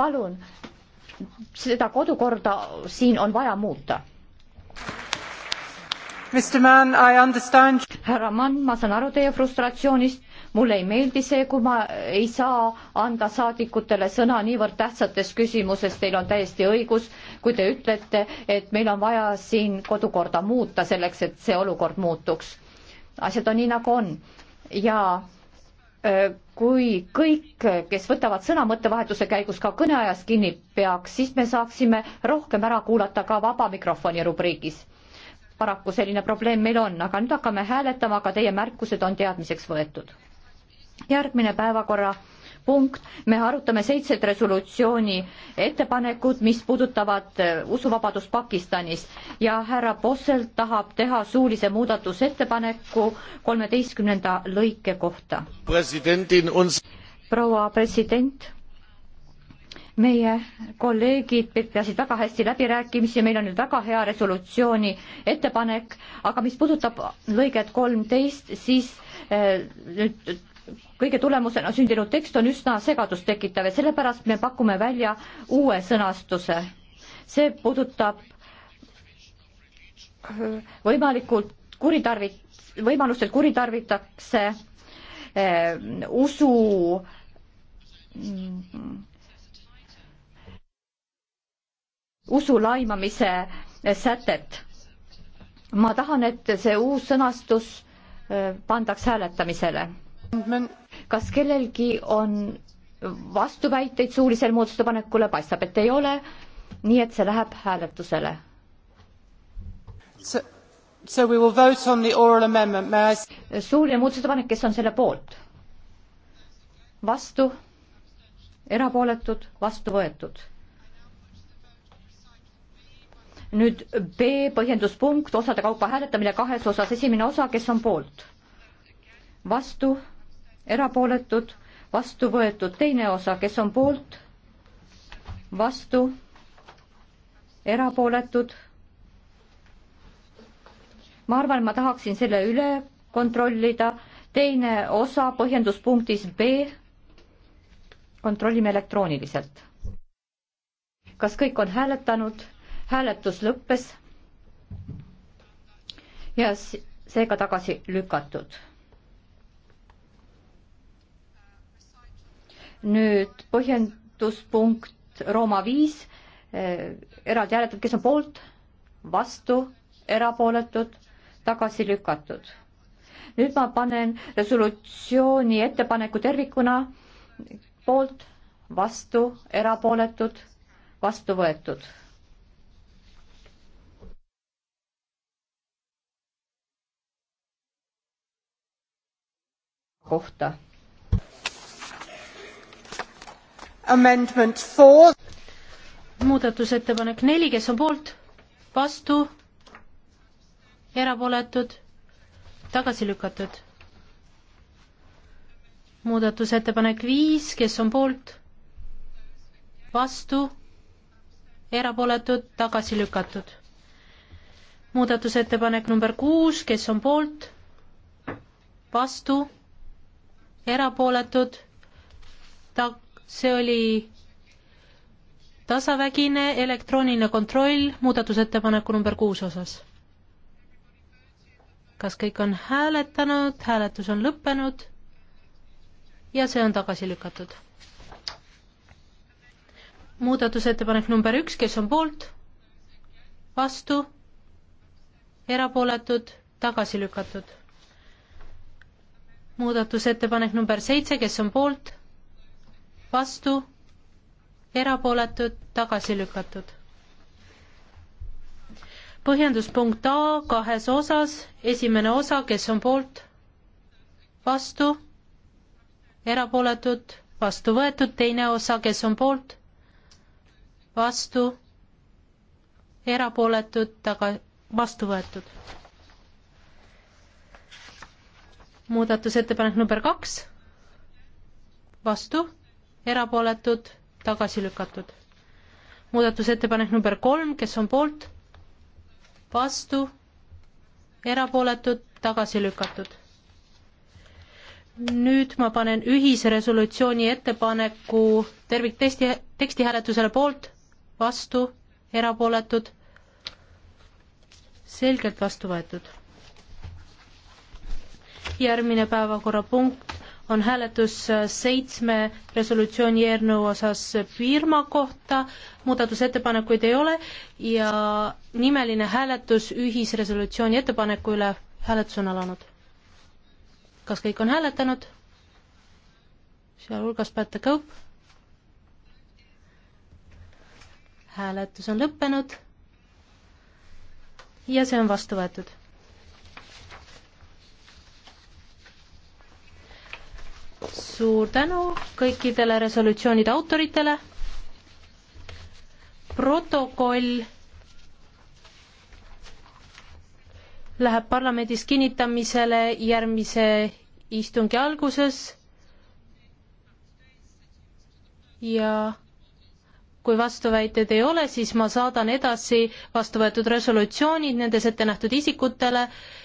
palun, seda kodukorda siin on vaja muuta. härra Mann, ma saan aru teie frustratsioonist, mulle ei meeldi see, kui ma ei saa anda saadikutele sõna niivõrd tähtsates küsimuses, teil on täiesti õigus, kui te ütlete, et meil on vaja siin kodukorda muuta selleks, et see olukord muutuks. asjad on nii, nagu on ja Äh, kui kõik, kes võtavad sõna mõttevahetuse käigus ka kõneajast kinni peaks, siis me saaksime rohkem ära kuulata ka vaba mikrofoni rubriigis. paraku selline probleem meil on, aga nüüd hakkame hääletama, aga teie märkused on teadmiseks võetud. järgmine päevakorra punkt, me arutame seitset resolutsiooni ettepanekut, mis puudutavad äh, usuvabadust Pakistanis ja härra Bossel tahab teha suulise muudatusettepaneku kolmeteistkümnenda lõike kohta. proua president meie kolleegid pidasid väga hästi läbirääkimisi, meil on nüüd väga hea resolutsiooni ettepanek, aga mis puudutab lõiget kolmteist, siis äh, nüüd kõige tulemusena sündinud tekst on üsna segadust tekitav ja sellepärast me pakume välja uue sõnastuse. see puudutab äh, võimalikult kuritarvit-, võimalust, et kuritarvitakse eh, usu mm, usu laimamise sätet. ma tahan, et see uus sõnastus äh, pandaks hääletamisele kas kellelgi on vastuväiteid suulisele muudatusettepanekule, paistab, et ei ole, nii et see läheb hääletusele. suuline muudatusettepanek, kes on selle poolt? vastu? erapooletud? vastu võetud? nüüd B põhjenduspunkt, osade kaupa hääletamine kahes osas, esimene osa, kes on poolt? vastu? erapooletud, vastu võetud teine osa, kes on poolt, vastu, erapooletud. ma arvan, ma tahaksin selle üle kontrollida, teine osa põhjenduspunktis B. kontrollime elektrooniliselt. kas kõik on hääletanud? hääletus lõppes ja seega tagasi lükatud nüüd põhjenduspunkt Rooma viis, eh, eraldi hääletatud, kes on poolt, vastu, erapooletud, tagasi lükatud. nüüd ma panen resolutsiooni ettepaneku tervikuna poolt, vastu, erapooletud, vastu võetud kohta Amendment four. muudatusettepanek neli, kes on poolt, vastu, erapooletud, tagasi lükatud. muudatusettepanek viis, kes on poolt, vastu, erapooletud, tagasi lükatud. muudatusettepanek number kuus, kes on poolt, vastu, erapooletud, ta-, see oli tasavägine elektrooniline kontroll muudatusettepaneku number kuus osas. kas kõik on hääletanud, hääletus on lõppenud ja see on tagasi lükatud. muudatusettepanek number üks, kes on poolt, vastu, erapooletud, tagasi lükatud. muudatusettepanek number seitse, kes on poolt vastu, erapooletud, tagasi lükatud. põhjenduspunkt A kahes osas, esimene osa, kes on poolt, vastu, erapooletud, vastu võetud, teine osa, kes on poolt, vastu, erapooletud, taga, vastu võetud. muudatusettepanek number kaks, vastu erapooletud, tagasi lükatud. muudatusettepanek number kolm, kes on poolt, vastu, erapooletud, tagasi lükatud. nüüd ma panen ühise resolutsiooni ettepaneku tervikteksti, teksti hääletusele poolt, vastu, erapooletud, selgelt vastu võetud. järgmine päevakorrapunkt on hääletus seitsme resolutsiooni eelnõu osas Birma kohta, muudatusettepanekuid ei ole ja nimeline hääletus ühisresolutsiooni ettepaneku üle, hääletus on alanud. kas kõik on hääletanud? sealhulgas Pätte Kõup. hääletus on lõppenud ja see on vastu võetud suur tänu kõikidele resolutsioonide autoritele. protokoll läheb parlamendis kinnitamisele järgmise istungi alguses ja kui vastuväiteid ei ole, siis ma saadan edasi vastu võetud resolutsioonid nendes ette nähtud isikutele